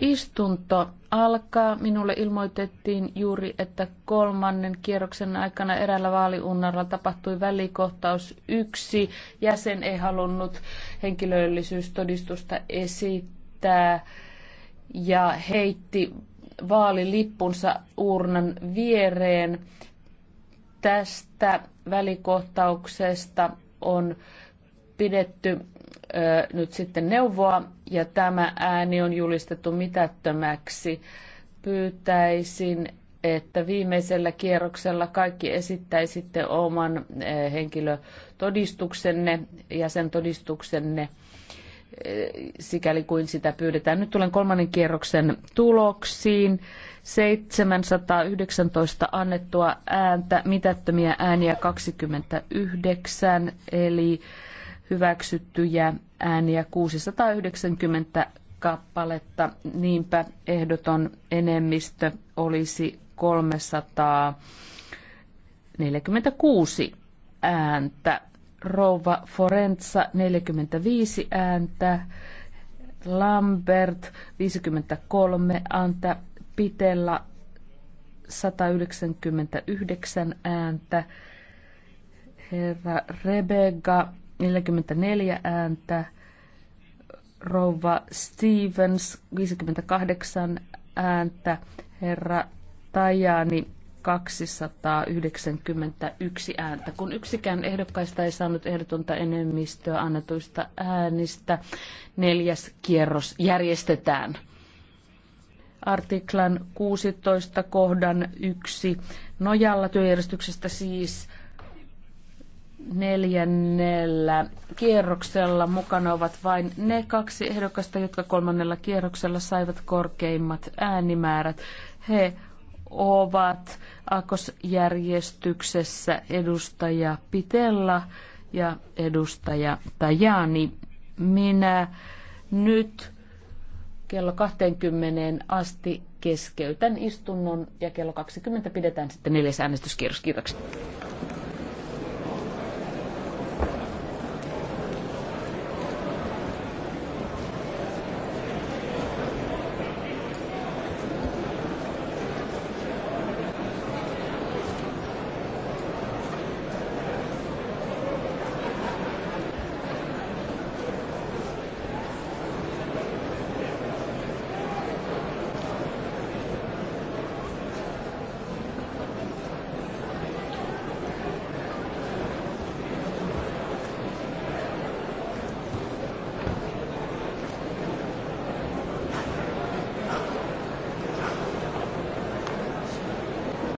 Istunto alkaa. Minulle ilmoitettiin juuri, että kolmannen kierroksen aikana eräällä vaaliunnalla tapahtui välikohtaus. Yksi jäsen ei halunnut henkilöllisyystodistusta esittää ja heitti vaalilippunsa urnan viereen. Tästä välikohtauksesta on pidetty nyt sitten neuvoa ja tämä ääni on julistettu mitättömäksi. Pyytäisin, että viimeisellä kierroksella kaikki esittäisitte oman henkilötodistuksenne ja sen todistuksenne sikäli kuin sitä pyydetään. Nyt tulen kolmannen kierroksen tuloksiin. 719 annettua ääntä, mitättömiä ääniä 29, eli hyväksyttyjä ääniä 690 kappaletta. Niinpä ehdoton enemmistö olisi 346 ääntä. Rouva Forenza 45 ääntä, Lambert 53 ääntä, Pitella 199 ääntä, herra Rebega 44 ääntä, rouva Stevens 58 ääntä, herra Tajani 291 ääntä. Kun yksikään ehdokkaista ei saanut ehdotonta enemmistöä annetuista äänistä, neljäs kierros järjestetään. Artiklan 16 kohdan 1 nojalla työjärjestyksestä siis neljännellä kierroksella. Mukana ovat vain ne kaksi ehdokasta, jotka kolmannella kierroksella saivat korkeimmat äänimäärät. He ovat akosjärjestyksessä edustaja Pitella ja edustaja Tajani. Minä nyt kello 20 asti keskeytän istunnon ja kello 20 pidetään sitten neljäs äänestyskierros. Kiitoksia.